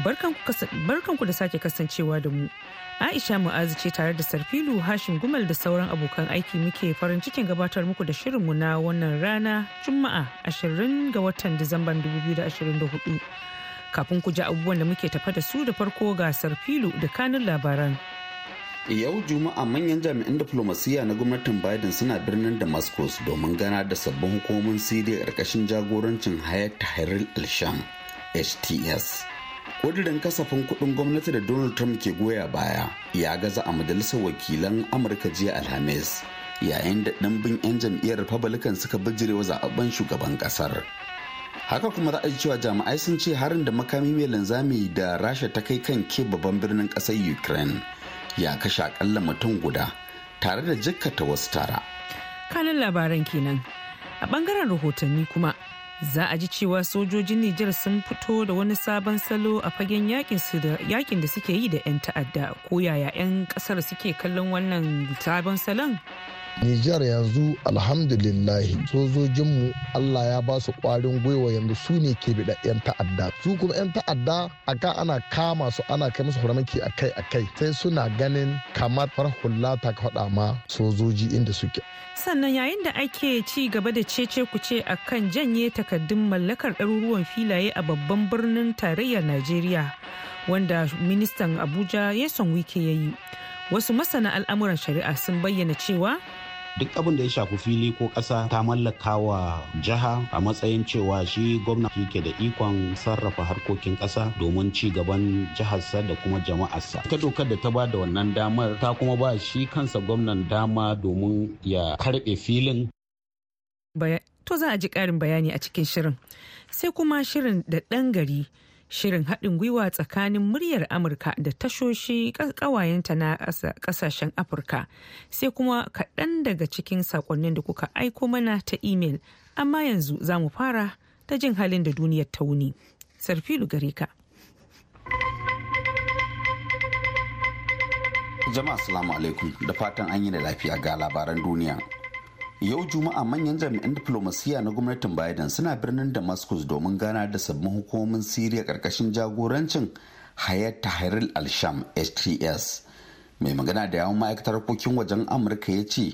Barkanku da sake kasancewa da mu. Aisha Mu'azu ce tare da Sarfilu hashin Gumal da sauran abokan aiki muke farin cikin gabatar muku da shirinmu na wannan rana Juma'a 20 ga watan Disamban 2024. Kafin ku ji abubuwan da muke tafa da su da farko ga Sarfilu da kanun labaran. Yau Juma'a manyan jami'an diplomasiya na gwamnatin Biden suna birnin Damascus domin gana da sabbin hukumomin Siriya ƙarƙashin jagorancin Hayat Tahrir al-Sham HTS. ƙudurin kasafin kuɗin gwamnati da donald trump ke goya baya ya gaza a majalisar wakilan amurka jiya alhamis yayin da ɗimbin 'yan jam'iyyar republican suka bijirewa zaɓaɓɓen shugaban ƙasar haka kuma za a ji cewa jami'ai sun ce harin da makami mai linzami da rasha ta kai kan ke babban birnin ƙasar ukraine ya kashe akalla mutum guda tare da jikkata wasu tara kanin labaran kenan a bangaren rahotanni kuma za a ji cewa sojojin Nijar sun fito da wani sabon salo a fagen yakin da suke yi da 'yan ta'adda ko yaya 'yan kasar suke kallon wannan sabon salon? Nijar yanzu alhamdulillahi sojojinmu Allah ya ba su ƙwarin gwiwa yanzu su ne ke bi 'yan ta'adda. Su kuma 'yan ta'adda a kan ana kama su ana kai musu farmaki akai-akai. sai suna ganin kamar farhulla ta faɗa ma sojoji inda suke. Sannan yayin da ake ci gaba da cece kuce a kan janye takardun mallakar ɗaruruwan filaye a babban birnin tarayyar Najeriya wanda ministan Abuja ya son wike ya yi. Wasu masana al'amuran shari'a sun bayyana cewa duk abin da ya shafi fili ko ƙasa ta mallaka wa jiha a matsayin cewa shi gwamna ke da ikon sarrafa harkokin ƙasa domin ci gaban jiharsa da kuma jama'arsa ta dokar da ta ba da wannan damar ta kuma ba shi kansa gwamnan dama domin ya karɓe filin to za a ji ƙarin bayani a cikin shirin sai kuma shirin da ɗan gari shirin haɗin gwiwa tsakanin muryar amurka da tashoshi ƙawayenta na ƙasashen afirka sai kuma kaɗan daga cikin saƙonnin da kuka aiko mana ta imel amma yanzu za mu fara ta jin halin da duniyar ta wuni sarfilu gare ka jama'a salamu alaikum da fatan an yi da lafiya ga labaran duniya yau juma'a manyan jami'an diplomasiya na gwamnatin biden suna birnin damascus domin gana da sabbin hukumomin siriya karkashin jagorancin hayat tahrir al-sham hts mai magana da yawon ma'aikatar harkokin wajen amurka ya ce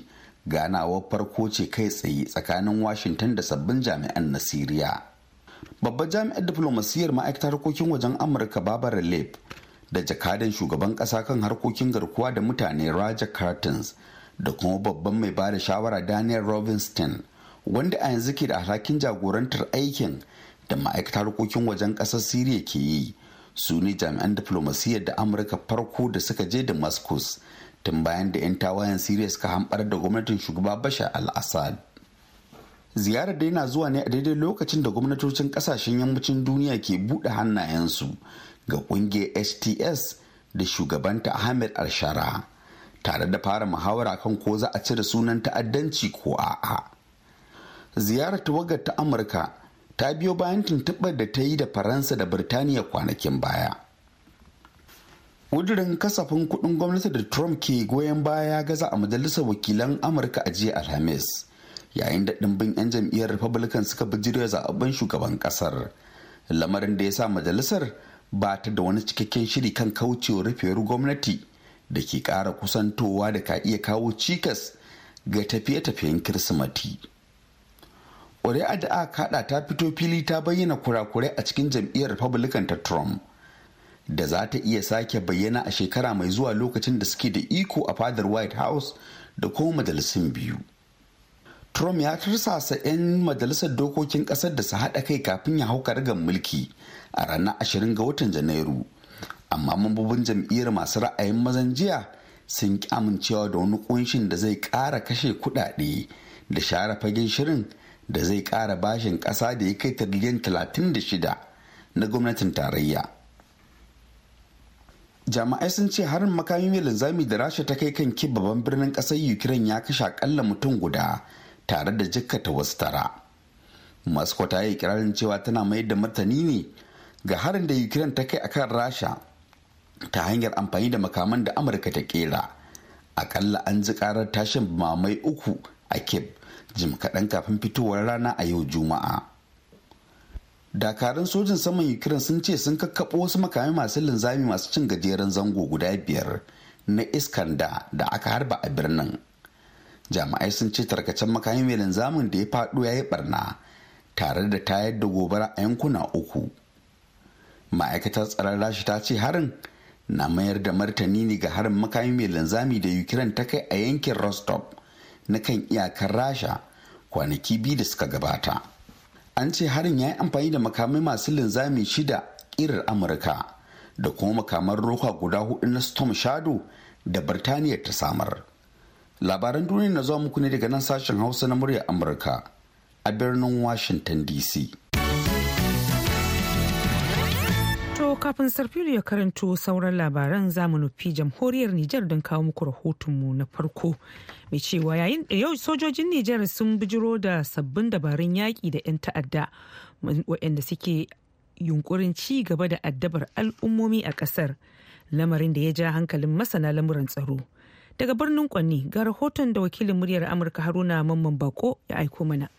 ganawar farko ce kai tsaye tsakanin washington da sabbin jami'an na siriya babbar jami'ar diplomasiyar ma'aikatar harkokin wajen amurka babar leb da jakadan shugaban kasa kan harkokin garkuwa da mutane raja cartons da kuma babban mai ba da shawara daniel robinson wanda a yanzu ke da alhakin jagorantar aikin da ma'aikatar harkokin wajen ƙasar siriya ke yi su ne jami'an diflomasiyyar da amurka farko da suka je da damascus tun bayan da 'yan tawayen siriya suka hambar da gwamnatin shugaba bashar al-assad ziyarar da yana zuwa ne a daidai lokacin da gwamnatocin kasashen yammacin duniya ke buɗe hannayensu ga ƙungiyar hts da shugabanta ahmed al-shara tare da fara muhawara kan ko za a cire sunan ta'addanci ko a'a ziyarar tawagar ta amurka ta biyo bayan tuntuɓar da ta yi da faransa da birtaniya kwanakin baya ƙudurin kasafin kuɗin gwamnati da trump ke goyon baya gaza a majalisar wakilan amurka a jiya alhamis yayin da ɗimbin 'yan jam'iyyar republican suka bijiro zaɓen shugaban ƙasar lamarin da ya sa majalisar ba ta da wani cikakken shiri kan kaucewa rufewar gwamnati da ke ƙara kusantowa da ka iya kawo cikas ga tafiye-tafiyen kirsimati ƙuri'a da aka kaɗa ta fito fili ta bayyana kurakurai a cikin jam'iyyar republican ta trump da za ta iya sake bayyana a shekara mai zuwa lokacin da suke da iko a fadar white house da kuma majalisun biyu trump ya tursasa 'yan majalisar dokokin ƙasar da su haɗa kai kafin ya hau karagar mulki a ranar 20 ga watan janairu amma mambobin jam'iyyar masu ra'ayin mazan jiya sun ki amincewa da wani kunshin da zai ƙara kashe kuɗaɗe da share fagen shirin da zai ƙara bashin ƙasa da ya kai tiriliyan shida na gwamnatin tarayya jama'ai sun ce harin makami mai linzami da rasha ta kai kan babban birnin ƙasar ukraine ya kashe akalla mutum guda tare da jikkata wasu tara moscow ta yi kirarin cewa tana mayar da martani ne ga harin da ukraine ta kai akan rasha ta hanyar amfani da makaman da amurka ta kera akalla an ji karar tashin mamai uku a cape jim kaɗan kafin fitowar rana a yau juma'a dakarun sojin saman ukraine sun ce sun kakkaɓo wasu makamai masu linzami masu cin gajeren zango guda biyar na iskanda da aka harba a birnin jami'ai sun ce tarkacen makamai mai linzamin da ya faɗo ya yi barna tare da tayar da gobara a yankuna uku ma'aikatar tsaron rashi ta ce harin na mayar da martani ne ga harin makami mai linzami da ukraine ta kai a yankin rostov na kan iyakar rasha kwanaki biyu da suka gabata an ce harin ya yi amfani da makamai masu linzami shida kirar amurka da kuma makamar roka guda hudu na storm shadow da birtaniya ta samar labaran duniya na zuwa muku ne daga nan sashen hausa na murya amurka a birnin washington dc kafin sarfilu ya karanto sauran labaran zamu nufi jamhuriyar Nijar don kawo muku rahotonmu na farko. Mai cewa yayin da yau sojojin Nijar sun bijiro da sabbin dabarun yaƙi da 'yan ta'adda waɗanda suke yunkurin ci gaba da addabar al'ummomi a ƙasar. Lamarin da ya ja hankalin masana lamuran tsaro. Daga birnin Kwanni ga rahoton da wakilin muryar Amurka Haruna Mamman Bako ya aiko mana.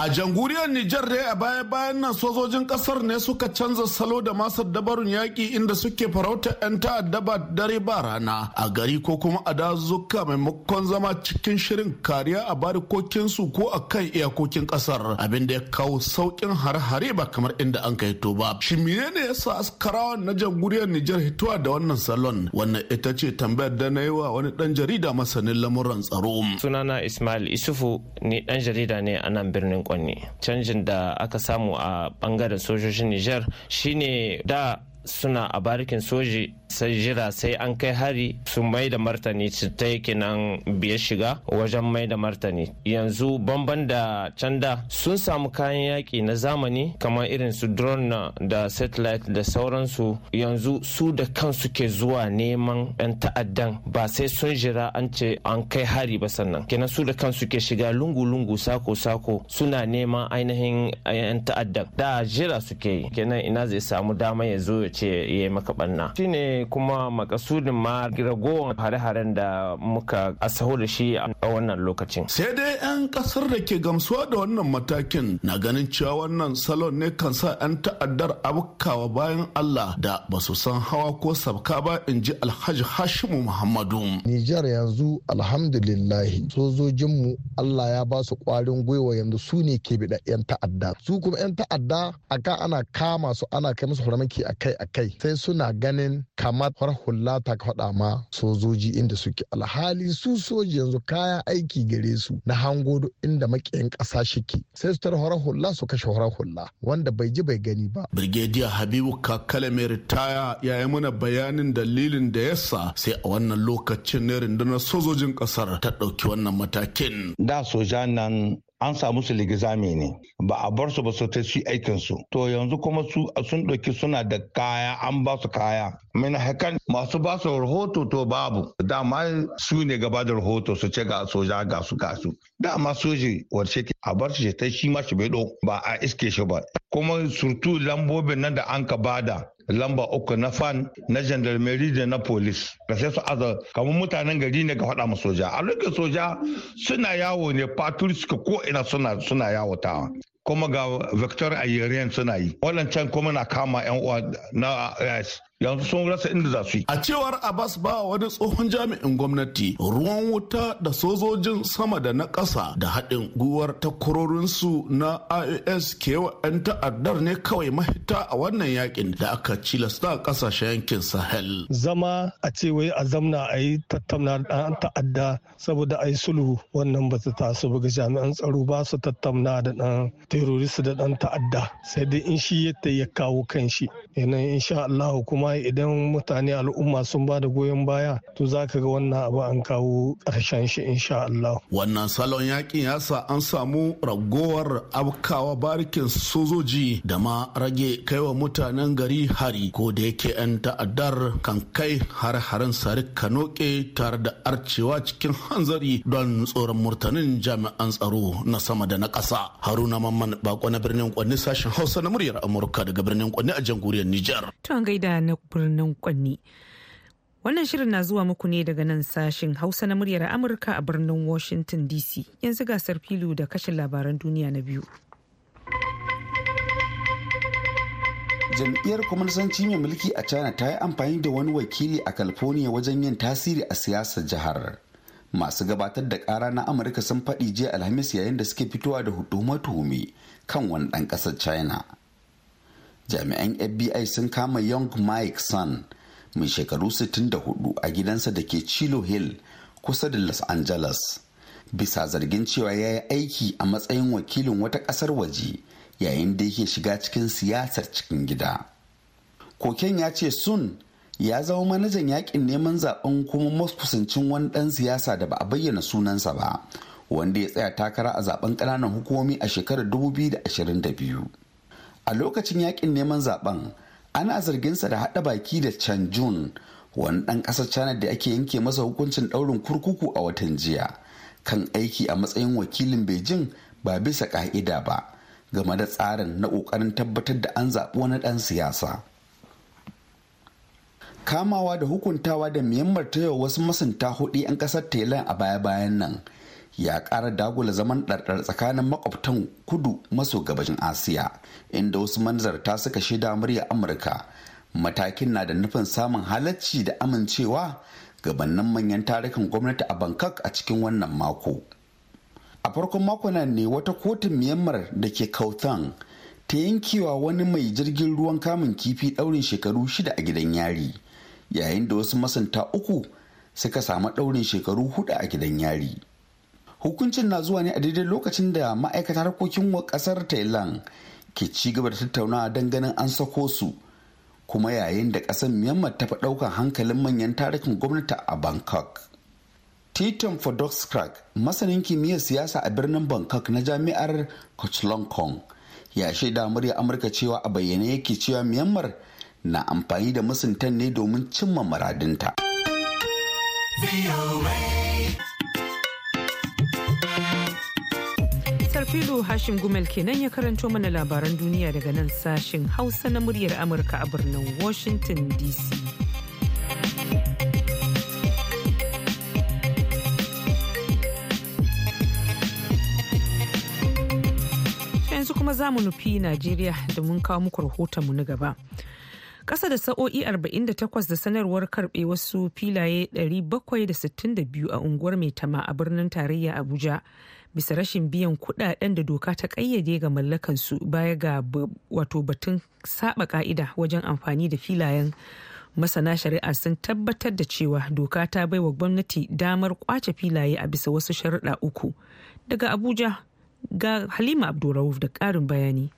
A janguriyar Nijar dai a baya-bayan nan sojojin kasar ne suka canza salo da masar dabarun yaƙi inda suke farauta 'yan ta'adda ba dare ba rana a gari ko kuma a dazuka maimakon zama cikin shirin kariya a barikokinsu ko a kan iyakokin kasar abinda ya kawo sauƙin har-hare ba kamar inda an kai to ba. Shi ne ya sa askarawan na janguriyar Nijar hituwa da wannan salon wannan ita ce tambayar da na yi wa wani ɗan jarida masanin lamuran tsaro. Sunana Ismail Isufu ni ɗan jarida ne a nan birnin kwanne canjin da aka samu a bangaren sojojin niger shine da suna a barikin soji sai jira sai an kai hari su mai da martani su ta nan shiga wajen mai da martani yanzu bamban da can sun samu kayan yaƙi na zamani kamar irin su drone da satellite da sauransu yanzu su da kansu ke zuwa neman 'yan ta'addan ba sai sun jira an ce an kai hari ba sannan kenan su da kansu ke shiga lungu-lungu sako-sako suna neman ainihin 'yan ta'addan da jira suke yi kenan ina zai samu dama ya zo ya ce ya yi maka barna shine kuma makasudin ma ragowar hare-haren da muka asaho da shi a wannan lokacin. Sai dai 'yan kasar da ke gamsuwa da wannan matakin na ganin cewa wannan salon ne kan sa 'yan ta'addar abukawa bayan Allah da ba su san hawa ko sabka ba in ji Alhaji Hashimu Muhammadu. Nijar yanzu alhamdulillahi sojojinmu Allah ya ba su kwarin gwiwa yanzu su ne ke bida 'yan ta'adda. Su kuma 'yan ta'adda a ana kama su ana kai musu kai akai-akai sai suna ganin ka kama farhulla ta faɗa ma sojoji inda suke alhali su soji yanzu kaya aiki gare su na hango inda makiyan ƙasa shike sai su tara hula su kashe hula wanda bai ji bai gani ba. Brigadier Habibu Kakale mai ritaya ya yi mana bayanin dalilin da yasa sai a wannan lokacin ne rundunar sojojin ƙasar ta ɗauki wannan matakin. Da soja nan an samu su ligizami ne ba a bar su ba su ta ci aikin su to yanzu kuma su sun ɗauki suna da kaya an ba su kaya min hakan masu ba su rahoto to babu dama su ne gaba da rahoto su ce ga soja ga su ga su dama soji wace ke a bar shi ta shi ma shi bai ba a iske shi ba kuma surtu lambobin nan da an ka bada lamba uku na fan na gendarmerie da na polis ga sai su azar kamar mutanen gari ne ga faɗa ma soja a lokacin soja suna yawo ne fatur suka ko ina suna suna yawo ta kuma ga vector aerian suna yi can kuma na kama yan uwa na eh, yanzu sun rasa inda za su yi. A cewar Abbas ba wani tsohon jami'in gwamnati ruwan wuta da sojojin sama da na ƙasa da haɗin guwar takwarorinsu na ke kewa 'yan ta'addar ne kawai mahita a wannan yakin da aka cilasta a ƙasashen yankin Sahel. Zama a ce wai a zamna a yi tattauna da ɗan ta'adda saboda a yi sulhu wannan ba su taso ga jami'an tsaro ba su tattauna da ɗan terorist da ɗan ta'adda sai dai in shi ya kawo kan shi. Yanayin insha Allah kuma idan mutane al'umma sun ba da goyon baya to za ka ga wannan abu an kawo ƙarshen shi insha Allah. Wannan salon yakin ya sa an samu ragowar abkawa barikin sojoji da ma rage kaiwa mutanen gari hari ko da yake 'yan ta'addar kan kai har-harin sari kanoke tare da arcewa cikin hanzari don tsoron murtanin jami'an tsaro na sama da na ƙasa. Haruna Mamman Bako na birnin Kwanni sashen Hausa na muryar Amurka daga birnin Kwanni a jamhuriyar Nijar. Tun gaida na birnin Kwanni. Wannan shirin na zuwa muku ne daga nan sashin Hausa na muryar Amurka a birnin Washington DC. Yanzu gasar filu da kashin labaran duniya na biyu. Jam'iyyar kwamnisanci mai mulki a China ta yi amfani da wani wakili a California wajen yin tasiri a siyasar jihar. Masu gabatar da kara na Amurka sun faɗi jiya Alhamis yayin da suke fitowa da tuhuma-tuhume kan wani ɗan ƙasar China. jami'an fbi sun kama young mike Son, mai shekaru 64 a gidansa da ke chilo hill kusa da los angeles bisa zargin cewa ya yi aiki a matsayin wakilin wata ƙasar waje yayin da yake shiga cikin siyasar cikin gida koken ya ce sun ya zama manajan yakin neman zaben kuma maskusancin wani ɗan siyasa da ba a bayyana sunansa ba wanda ya tsaya takara a zaben ƙananan hukumomi a shekarar 2022 a lokacin yakin neman zaben ana zarginsa da haɗa baki da Chan Jun wani ɗan ƙasar China da ake yanke masa hukuncin ɗaurin kurkuku a watan jiya kan aiki a matsayin wakilin Beijing ba bisa ƙa'ida ba game da tsarin na ƙoƙarin tabbatar da an zaɓi wani ɗan siyasa. Kamawa da hukuntawa da Myanmar ta wasu masunta hudu 'yan ƙasar Thailand a baya-bayan nan ya ƙara dagula zaman ɗarɗar tsakanin makwabtan kudu maso gabashin asiya inda wasu manzarta suka shaida murya amurka matakin na da nufin samun halacci da amincewa gabanin manyan tarukan gwamnati a bangkok a cikin wannan mako a farkon mako nan ne wata kotun myanmar da ke kautan ta yankewa wani mai jirgin ruwan kamun kifi ɗaurin shekaru shida a gidan yari yayin da wasu masanta uku suka samu ɗaurin shekaru hudu a gidan yari hukuncin na zuwa ne a daidai lokacin da ma'aikatar harkokin wa kasar thailand ke ci gaba da tattaunawa don ganin an sako su kuma yayin da kasar myanmar ta fi ɗaukar hankalin manyan tarihin gwamnati a bangkok titan crack masanin kimiyyar siyasa a birnin bangkok na jami'ar kong ya shaida murya amurka cewa a bayyane yake cewa myanmar na amfani da musuntan ne domin cimma muradinta. filu Hashim Gumel kenan ya karanto mana labaran duniya daga nan sashen Hausa na muryar Amurka a birnin Washington DC. Yanzu kuma za mu nufi Najeriya da mun kawo muku mu na gaba. Ƙasa da sa'o'i 48 da sanarwar karɓe wasu filaye 762 a unguwar mai tama a birnin tarayya Abuja bisa rashin biyan kudaden da doka ta ƙayyade ga mallakansu baya ga wato batun saba ka'ida wajen amfani da filayen. masana shari'a sun tabbatar da cewa doka ta bai wa gwamnati damar kwace filaye a bisa wasu sharuɗa uku daga abuja ga halima abdulrauf da ƙarin bayani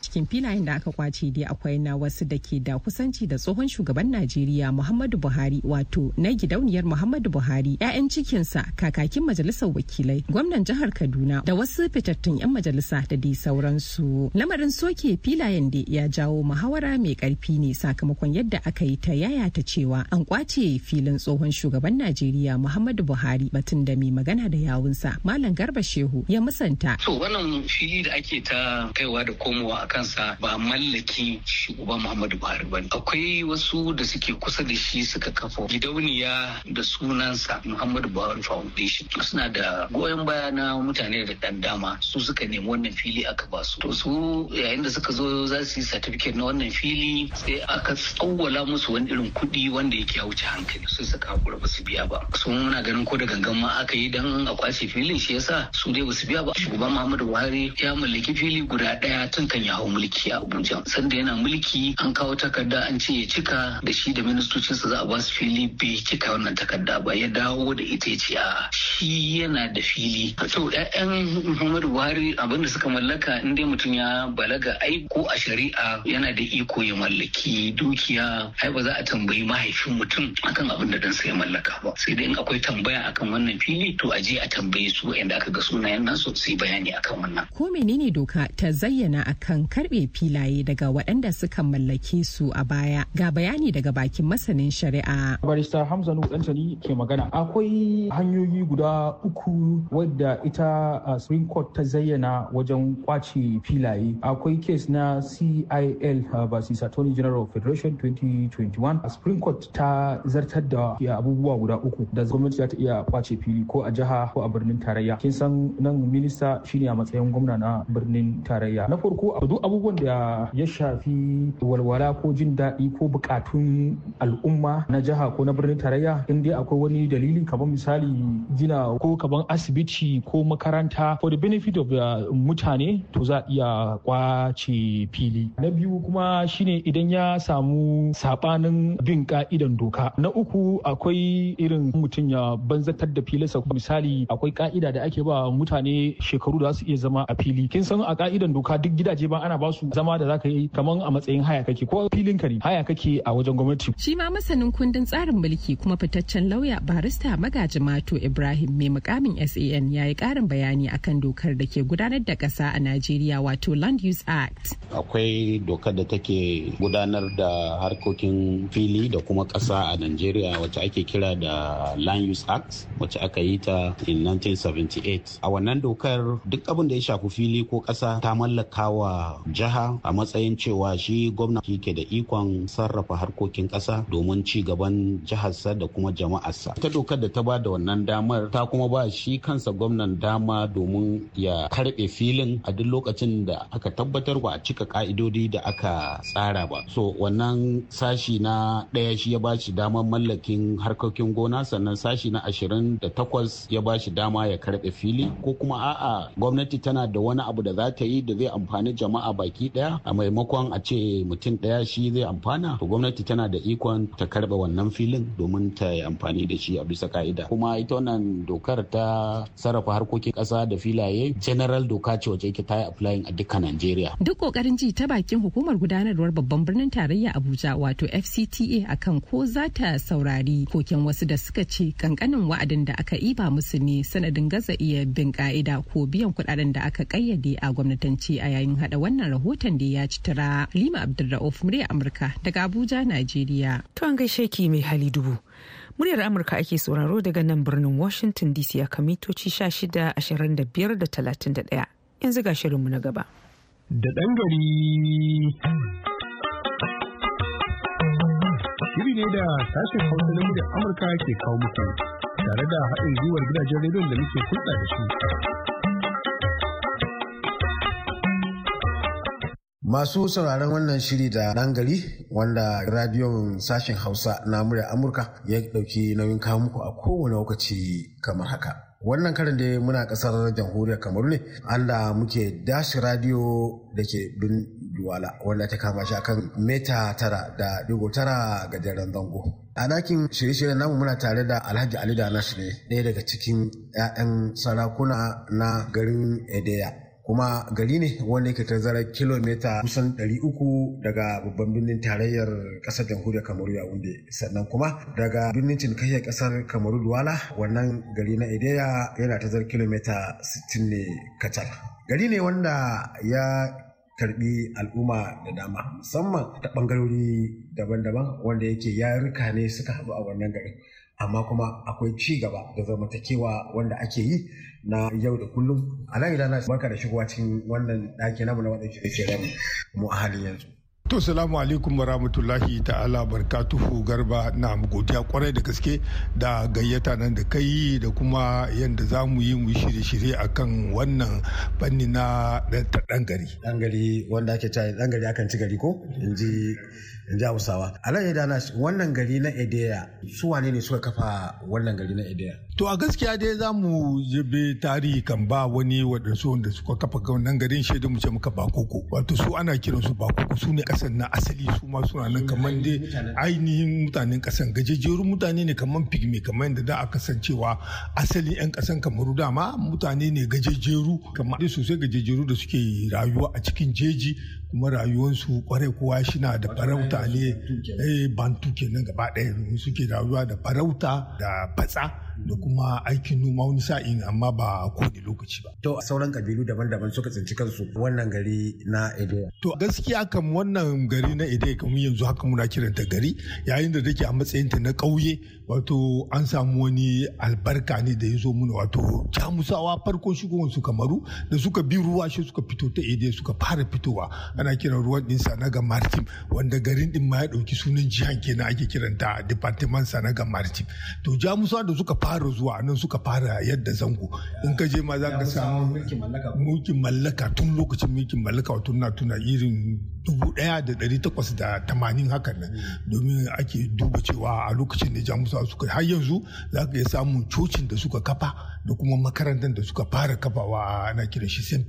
cikin filayen da aka kwace dai akwai na wasu da ke da kusanci da tsohon shugaban najeriya muhammadu buhari wato na gidauniyar muhammadu buhari 'ya'yan cikinsa kakakin majalisar wakilai gwamnan jihar kaduna da wasu fitattun 'yan majalisa da dai sauransu lamarin soke filayen da ya jawo muhawara mai karfi ne sakamakon yadda aka yi ta yaya ta cewa an kwace filin tsohon shugaban najeriya muhammadu buhari batun da mai magana da yawunsa malam garba shehu ya musanta wannan fili da ake ta kaiwa da komowa kansa ba mallaki shi uba Muhammadu Buhari ba akwai wasu da suke kusa da shi suka kafa gidauniya da sunansa Muhammadu Buhari Foundation suna da goyon baya na mutane da dan dama su suka nemi wannan fili aka ba su to su yayin da suka zo za su yi certificate na wannan fili sai aka tsawwala musu wani irin kuɗi wanda yake ya wuce hankali sai suka hakura ba su biya ba su muna ganin ko da gangan ma aka yi dan a kwashe filin shi yasa su dai ba su biya ba shugaban Muhammadu Buhari ya mallaki fili guda ɗaya tun kan ya hau mulki a Abuja. Sanda yana mulki an kawo takarda an ce ya cika da shi da ministocinsa za a ba su fili bai cika wannan takarda ba ya dawo da ita ya ce a shi yana da fili. To ƴaƴan Muhammadu Buhari abinda suka mallaka in dai mutum ya balaga ai ko a shari'a yana da iko ya mallaki dukiya ai ba za a tambayi mahaifin mutum akan abin da dansa ya mallaka ba. Sai dai in akwai tambaya akan wannan fili to a je a tambaye su waɗanda aka ga sunayen nasu su yi bayani akan wannan. Ko menene doka ta zayyana akan karbe filaye daga waɗanda suka mallake su a baya ga bayani daga bakin masanin shari'a barista hamza nuhu ɗantani ke magana akwai hanyoyi guda uku wadda ita a uh, supreme court ta zayyana wajen kwace filaye akwai kes na cil uh, versus attorney general federation 2021 a supreme court ta zartar da abubuwa guda uku da gwamnati za ta iya kwace fili ko a jiha ko a birnin tarayya kin san nan minista shine a matsayin gwamna na birnin tarayya na farko a duk abubuwan da ya shafi walwala ko jin daɗi ko bukatun al'umma na jiha ko na birnin tarayya in dai akwai wani dalili kaban misali gina ko kaban asibiti ko makaranta for the benefit of uh, mutane to za iya kwace fili na biyu kuma shine idan ya samu sabanin bin ka'idan doka na uku akwai irin mutum ya banzatar da filinsa misali akwai ka'ida da ake ba mutane shekaru da su iya zama a fili kin san a ka'idan doka duk gidaje ba ana ba su zama da zaka yi kaman a matsayin haya kake ko filin kare haya kake a wajen gwamnati shi ma masanin kundin tsarin mulki kuma fitaccen lauya barista magaji mato ibrahim mai mukamin san ya yi karin bayani akan dokar da ke gudanar da kasa a najeriya wato land use act akwai dokar da take gudanar da harkokin fili da kuma kasa a najeriya wacce ake kira da land use act wacce aka yi ta in 1978 a wannan dokar duk abin da ya shafi fili ko ƙasa ta mallaka jiha a matsayin cewa shi gwamna ke da ikon sarrafa harkokin ƙasa domin ci gaban jiharsa da kuma jama'arsa ita dokar da ta ba da wannan damar ta kuma ba shi kansa gwamnan dama domin ya karbe filin a duk lokacin da aka tabbatar ba a cika ka'idodi da aka tsara ba so wannan sashi na ɗaya shi ya ba shi damar mallakin harkokin gona sannan sashi na ashirin da takwas ya ba shi dama ya karbe fili ko kuma a'a gwamnati tana da wani abu da za ta yi da zai amfani jama'a a baki daya a maimakon a ce mutum daya shi zai amfana to gwamnati tana da ikon ta karba wannan filin domin ta yi amfani da shi a bisa ka'ida kuma ita wannan dokar ta sarrafa harkokin kasa da filaye general doka ce wace ke ta yi applying a dukkan Najeriya. Duk kokarin ji ta bakin hukumar gudanarwar babban birnin tarayya Abuja wato FCTA akan ko za ta saurari koken wasu da suka ce kankanin wa'adin da aka iba musu ne sanadin gaza iya bin ka'ida ko biyan kudaden da aka kayyade a gwamnatanci a yayin hada wannan rahoton da ya ci tara halima abdulra'uf murya amurka daga abuja najeriya to an gaishe ki mai hali dubu muryar amurka ake sauraro daga nan birnin washington dc a kamitoci 16 25 da 31 yanzu ga shirinmu na gaba da ɗan gari. Shiri ne da sashen hausa na muryar Amurka ke kawo muku tare da haɗin gwiwar gidajen rediyon da muke kulɗa da shi. Masu sauraron wannan shiri da ɗan gari wanda radiyon sashen Hausa na murya Amurka ya ɗauki nauyin kawo muku a kowane lokaci kamar haka. Wannan karin da muna ƙasar jamhuriyar Kamaru ne, allah muke dashi radiyo da ke bin duwala wanda ta kama shi akan meta tara da digo tara ga daren zango. A dakin shirye-shiryen namu muna tare da Alhaji Ali Danas ne ɗaya daga cikin 'ya'yan sarakuna na garin Edeya. kuma gari ne wanda yake tazarar kilomita kusan 300 daga babban birnin tarayyar kasar jamhuriyar kamaru yawunde sannan kuma daga birnin cinikayyar kasar kamaru duwala wannan gari na ideya yana tazarar kilomita 60 ne kacal gari ne wanda ya karbi al'umma da dama musamman ta bangarori daban-daban wanda yake yarika ne suka haɗu a wannan gari. amma kuma akwai ci gaba da zamantakewa wanda ake yi na yau da kullum a idan na barka da shigowa cikin wannan ɗaki namu na waɗansu shirye mu a halin yanzu to salamu alaikum wa rahmatullahi ta'ala barkatuhu garba na godiya kwarai da gaske da gayyata nan da kai da kuma yadda za mu yi mu shirye-shirye akan wannan fanni na ɗan gari ɗan gari wanda ake ta ɗan gari akan ci gari ko in ji in ji hausawa ya dana wannan gari na edeya su wane ne suka kafa wannan gari na edeya to a gaskiya dai za mu yabe tarihi kan ba wani waɗansu wanda suka kafa wannan garin shaidu mu ce muka bakoko wato su ana kiran su bakoko su ne ƙasar na asali su ma suna nan kamar dai ainihin mutanen ƙasar gajejerun mutane ne kamar pigme kamar yadda da a kasancewa asalin 'yan ƙasar kamaru dama mutane ne gajejeru kamar sosai gajejeru da suke rayuwa a cikin jeji kuma rayuwansu kwarai kowa shi na da farauta mutane eh, bantu kenan gaba ɗaya suke rayuwa da farauta da batsa da kuma aikin noma wani sa'in amma ba a kowane lokaci ba. To sauran kabilu daban-daban suka tsinci kansu wannan gari na Ede. To gaskiya kan wannan gari na Ede kamar yanzu haka muna kiranta gari yayin da take a matsayin ta na ƙauye wato an samu wani albarka ne da ya zo mana wato jamusawa farkon shigowar su kamaru da suka bi ruwa shi suka fito ta Ede suka fara fitowa ana kiran ruwan din Sanaga Martim wanda garin din ma ya ɗauki sunan jihar kenan ake kiranta Departement Sanaga Martim. To jamusawa da suka fara fara zuwa nan suka fara yadda zango in ka je ma za ka samu mulkin mallaka tun lokacin mulkin mallaka wato na tuna irin dubu daya da dari takwas da tamanin hakan nan domin ake duba cewa a lokacin da jamusa suka har yanzu za ka iya samun cocin da suka kafa da kuma makarantar da suka fara kafawa ana kira shi st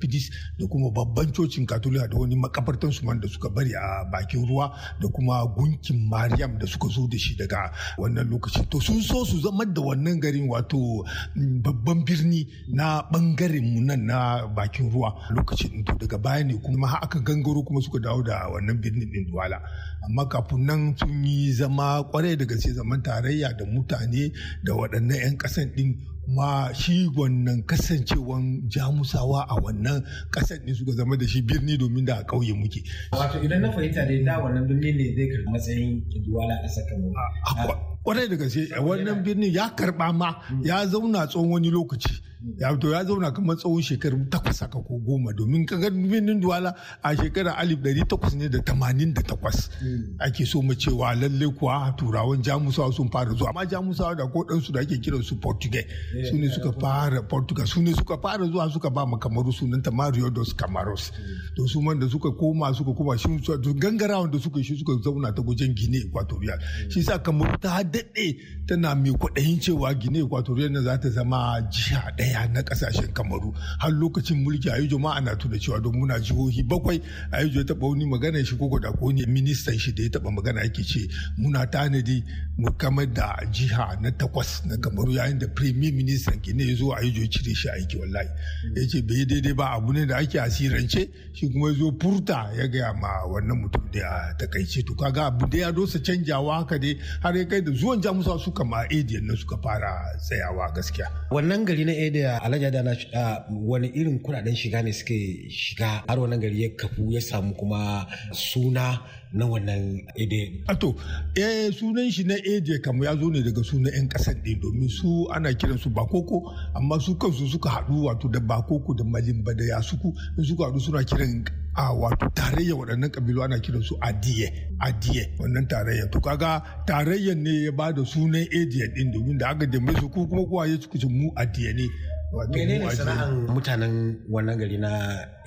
da kuma babban cocin katolika da wani makabartan su da suka bari a bakin ruwa da kuma gunkin mariam da suka zo da shi daga wannan lokaci to sun so su zama da wannan gari bangaren wato mm, babban birni na bangaren mu nan na bakin ruwa lokacin to daga baya ne kuma har aka gangaro kuma suka dawo da wannan birnin din Duwala amma kafin nan sun yi zama kwarai da gaske zaman tarayya da mutane da waɗannan 'yan ƙasan din ma shi wannan kasancewan jamusawa a wannan kasar ne suka zama da shi birni domin da a ƙauye muke. Wato idan na fahimta dai da wannan birni ne zai karɓi matsayin duwala a sakamakon. kwarai da gaske wannan birnin ya karba ma mm. ya zauna tsohon wani lokaci ya to ya zauna kamar tsawon shekaru takwas aka ko goma domin kaga birnin duwala a shekarar alif ɗari takwas ne da tamanin da takwas hmm. ake so mu cewa lalle kuwa turawan jamusawa sun fara zuwa amma jamusawa da ko su da ake kiran su portugal eh, su ne eh, suka fara portugal su ne suka fara zuwa suka ba ma kamaru sunanta mario dos camaros hmm. to su da suka koma suka koma shi gangara wanda suka shi suka zauna ta wajen gine equatorial hmm. shi sa kamaru ta daɗe tana mai kwaɗayin cewa gine equatorial na za ta zama jiha ɗaya ɗaya na ƙasashen kamaru har lokacin mulki a jama'a na tuna cewa don muna jihohi bakwai a ya taɓa wani magana shi ko da ko ne ministan shi da ya taɓa magana yake ce muna tanadi mu kamar da jiha na takwas na kamaru yayin da premier ministan ke ne ya zo a ya cire shi aiki wallahi ya ce bai daidai ba abu ne da ake asirance shi kuma ya zo furta ya gaya ma wannan mutum da ya takaice to kaga abu da ya dosa canjawa haka dai har ya kai da zuwan jamusa suka ma ediyan na suka fara tsayawa gaskiya wannan gari na ediyan najeriya alhaji da na wani irin kudaden shiga ne suke shiga har wannan gari ya kafu ya samu kuma suna na wannan ede ato eh sunan shi na ede kamar ya zo ne daga sunan yan kasar ne domin su ana kiran su bakoko amma su kansu suka haɗu wato da bakoko da malimba da yasuku suka haɗu suna kiran a wato tarayya waɗannan kabilu ana kiran su adiye adiye wannan tarayya to kaga tarayyan ne ya bada sunan ejiya din domin da aka jame su ko kuma kuwa ya ci mu adiye ne mutanen wannan gari na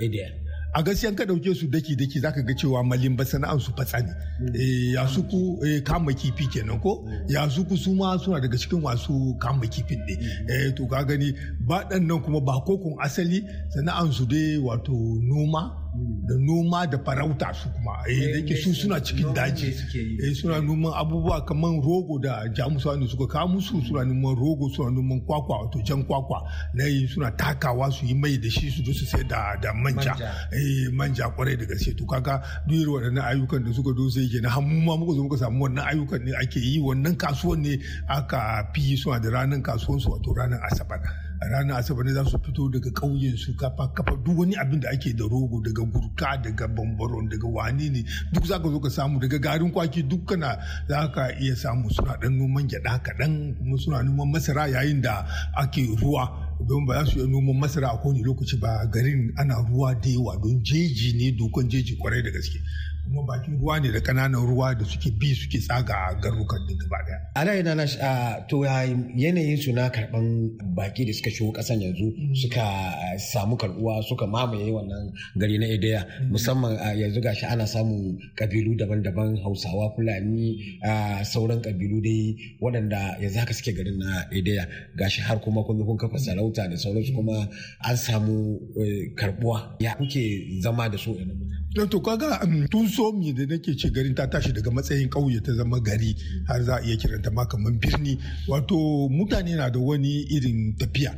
edia a gaskiya ka dauke su daki daki zaka ga cewa malimba sana'an su fatsa ne hmm. eh, ya su ku eh, kama kifi kenan ko hmm. ya su ku su ma suna daga cikin wasu kama kifin ne hmm. eh to ka gani ba nan kuma ba kokon asali sana'an su dai wato noma da noma da farauta su kuma eh da su suna cikin daji eh suna noman abubuwa kamar rogo da jamusawa ne suka kawo musu suna noman rogo suna noman kwakwa wato jan kwakwa na yi suna takawa su yi mai da shi su su sai da da manja eh manja kwarai da gaske to kaga duk waɗannan ayyukan da suka zo sai na har ma muka zo muka samu wannan ayyukan ne ake yi wannan kasuwan ne aka fi suna da ranar su wato ranar asabar ranar asabar ne za su fito daga ƙauyen su kafa kafa duk wani abin da ake da rogo daga gurka daga bambaron daga wani ne duk za ka zo ka samu daga garin kwaki duk kana za ka iya samu suna ɗan noman gyaɗa kaɗan kuma suna noman masara yayin da ake ruwa don ba za su iya noman masara a kowane lokaci ba garin ana ruwa da yawa don jeji ne dokan jeji kwarai da gaske kuma bakin ruwa ne da kananan ruwa da suke bi suke tsaga a garurukan din gaba daya. A yana na a to yanayin su na karban baki da suka shigo kasan yanzu mm. suka samu karbuwa suka mamaye wannan gari na Edeya mm. musamman yanzu gashi ana samun kabilu daban-daban Hausawa Fulani sauran kabilu dai waɗanda yanzu haka suke garin na Edeya gashi har kuma kun kun kafa sarauta da sauransu mm. kuma an samu eh, karbuwa ya kuke zama da su. To kaga um, tun somi da nake ce garin ta tashi daga matsayin ƙauye ta zama gari har za a iya kiranta ma kamar birni wato mutane na da wani irin tafiya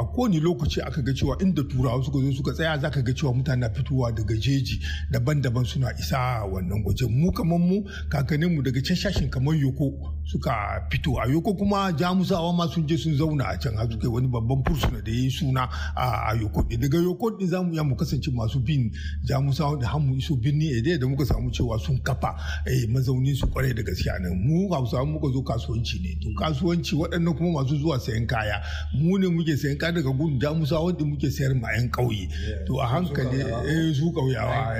a kowane lokaci aka ga cewa inda turawa suka zo suka tsaya zaka ga cewa mutane na fitowa daga jeji daban-daban suna isa wannan waje mu kamar mu mu daga can shashin kamar yoko suka fito a yoko kuma jamusawa ma sun je sun zauna a can har suka wani babban fursuna da ya yi suna a yoko daga yoko din zamu ya mu kasance masu bin jamusawa da hamu iso birni a da muka muka samu cewa sun kafa eh, mazaunin su kwarai da gaskiya nan mu hausawa muka zo kasuwanci ne to kasuwanci waɗannan kuma masu zuwa sayan kaya mu ne muke sayan kaya daga gudun jamusa wanda muke sayar ma yan ƙauye to a hankali eh su ƙauyawa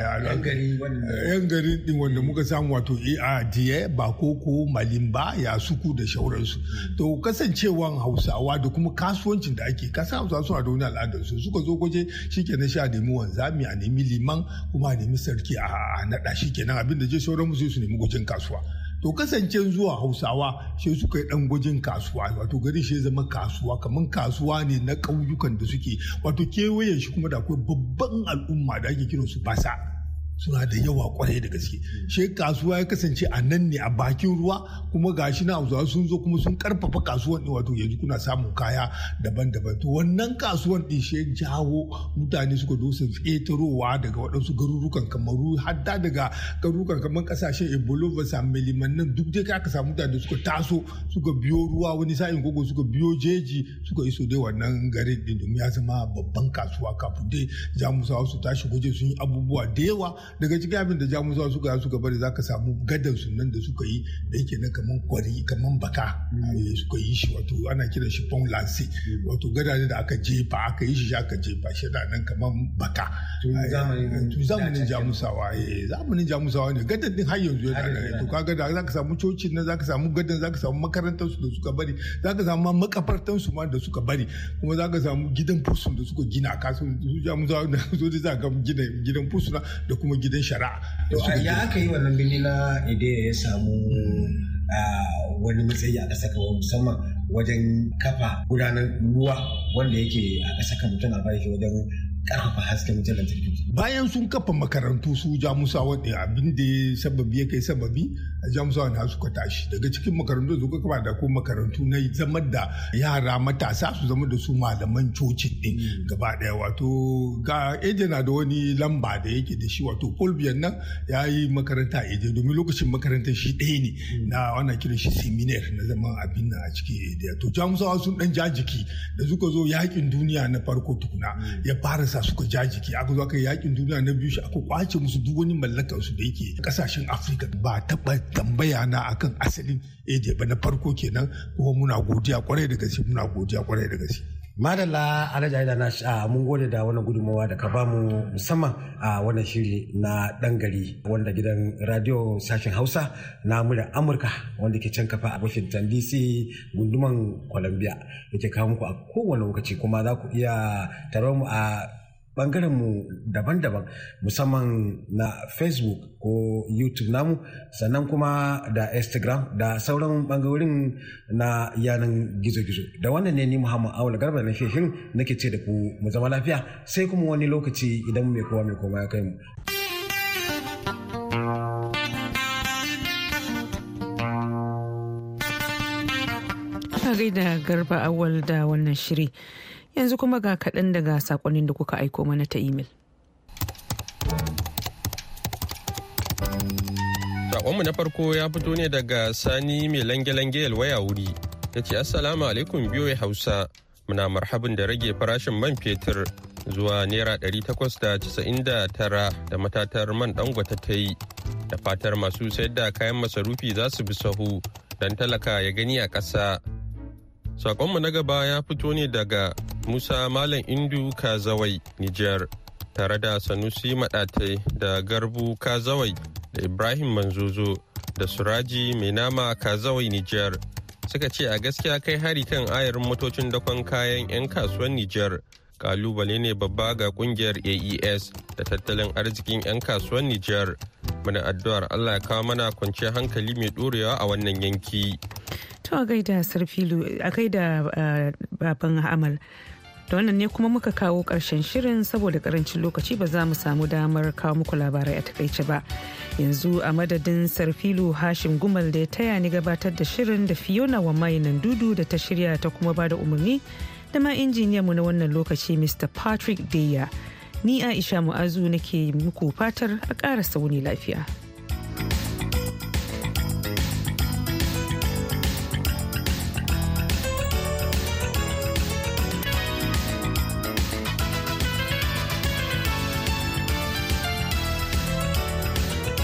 yan garin din wanda muka samu wato a diye ba koko malimba ya suku da shauransu mm. to kasancewan hausawa da kuma kasuwancin da ake kasa hausawa suna da wani al'adarsu suka zo ke shikenan sha nemi wanzami a nemi liman kuma a nemi sarki a naɗa yaya shi kenan abin da je sauran musu su nemi gwajin kasuwa to kasance zuwa hausawa shi suka yi dan gwajin kasuwa wato gari shi zama kasuwa kamar kasuwa ne na ƙauyukan da suke wato kewayen shi kuma da akwai babban al'umma da ake kiransu basa suna da yawa kwarai da gaske shi kasuwa ya kasance a nan ne a bakin ruwa kuma gashi na hausawa sun zo kuma sun karfafa kasuwan din wato yanzu kuna samun kaya daban-daban to wannan kasuwan din shi jawo mutane suka dosa tsetarowa daga waɗansu garurukan kamaru hadda daga garurukan kamar kasashen ebola vasa meliman nan duk dai ka samu mutane suka taso suka biyo ruwa wani sa'in gogo suka biyo jeji suka iso dai wannan garin din domin ya zama babban kasuwa kafin dai jamusawa su tashi guje sun yi abubuwa da yawa daga cikin abin da jamusawa suka yi suka bari ka samu gadan sunan da suka yi da yake na kaman kwari kaman baka eh, suka yi shi wato ana kiran shi pon lansi wato gada ne da aka jefa aka yi shi shi aka jefa shi da nan kaman baka tun eh, zamanin jamusawa eh, zamanin jamusawa ne gadan din har yanzu yana da to gada za ka samu cocin nan ka samu gadan ka samu makarantar su da suka bari ka samu makafartan su ma da suka bari kuma za ka samu gidan fusun da suka gina kasu jamusawa da zo da gina gidan fusun da kuma kuma gidan shari'a ya aka yi wannan bini na ideya ya samu wani matsayi a ƙasa kawai musamman wajen kafa gudanar ruwa wanda yake a ƙasa kan mutum a bashi wajen karfafa hasken wutar jirgin bayan sun kafa makarantu su jamusawa da abin da ya sababi ya kai sababi a jamusawa na suka tashi daga cikin makarantu suka kuma da ko makarantu na zama da yara matasa su zama da su malaman cocin din hmm. gaba daya wato ga eje na da wani lamba da yake da shi wato paul biyan nan ya yi makaranta eje domin lokacin makarantar shi ɗaya ne hmm. na wannan kiran shi seminar na zama abin a cikin eje to jamusawa sun dan jajiki da suka zo yakin duniya na farko tukuna hmm. ya fara sa suka ja jiki aka zo aka yakin duniya na biyu shi aka kwace musu duk wani mallakar su da yake kasashen Afrika. ba taba tambaya na akan asalin da ba na farko kenan kuma muna godiya kwarai da gaske muna godiya kwarai da gaske madalla alhaji aida na sha mun gode da wannan gudunmawa da ka ba mu musamman a wannan shiri na dan gari wanda gidan radio sashen hausa na murya amurka wanda ke can kafa a washington dc gunduman columbia yake kawo muku a kowane lokaci kuma za ku iya taron mu a bangaren mu daban-daban musamman na facebook ko youtube namu sannan kuma da instagram da sauran bangarorin na yanan gizo-gizo da wannan ne ni muhammad awul garba na shehin nake ce da ku mu zama lafiya sai kuma wani lokaci idan mai kowa mai koma ya kai mu da garba awal da wannan shiri yanzu kuma ga kaɗan daga saƙonin da kuka aiko mana ta imel. Saƙonmu na farko ya fito ne daga Sani mai lange-lange waya wuri. Ya ce Assalamu alaikum biyoyi Hausa. Muna marhabin da rage farashin man fetur zuwa Naira 899 da matatar man dangwata ta yi. Da fatar masu sayar da kayan masarufi za su bi sahu don talaka ya gani a ƙasa. Sakonmu na gaba ya fito ne daga Musa Malam Indu Kazawai, Nijar, tare da Sanusi Maɗatai da Garbu Kazawai da Ibrahim Manzozo da Suraji Mai Nama Kazawai, Nijar. Suka ce a gaskiya kai hari kan ayarin motocin dakon kayan 'yan kasuwan Nijar. kalubale ne babba ga kungiyar aes da tattalin arzikin 'yan kasuwan nijar muna addu'ar allah ya kawo mana kwanciyar hankali mai ɗorewa a wannan yanki To a gaida sarfilu a gaida eh, baban amal. Da wannan ne kuma muka kawo ƙarshen shirin saboda karancin lokaci ba za mu samu damar kawo muku labarai a takaice ba. Yanzu a madadin sarfilu Hashim Gumal da ya taya ni gabatar da shirin da Fiona wa mayinan dudu da ta shirya ta kuma ba da umarni da ma mu na wannan lokaci Mr. Patrick Deya. Ni Aisha Mu'azu nake muku fatar a ƙara sauni lafiya.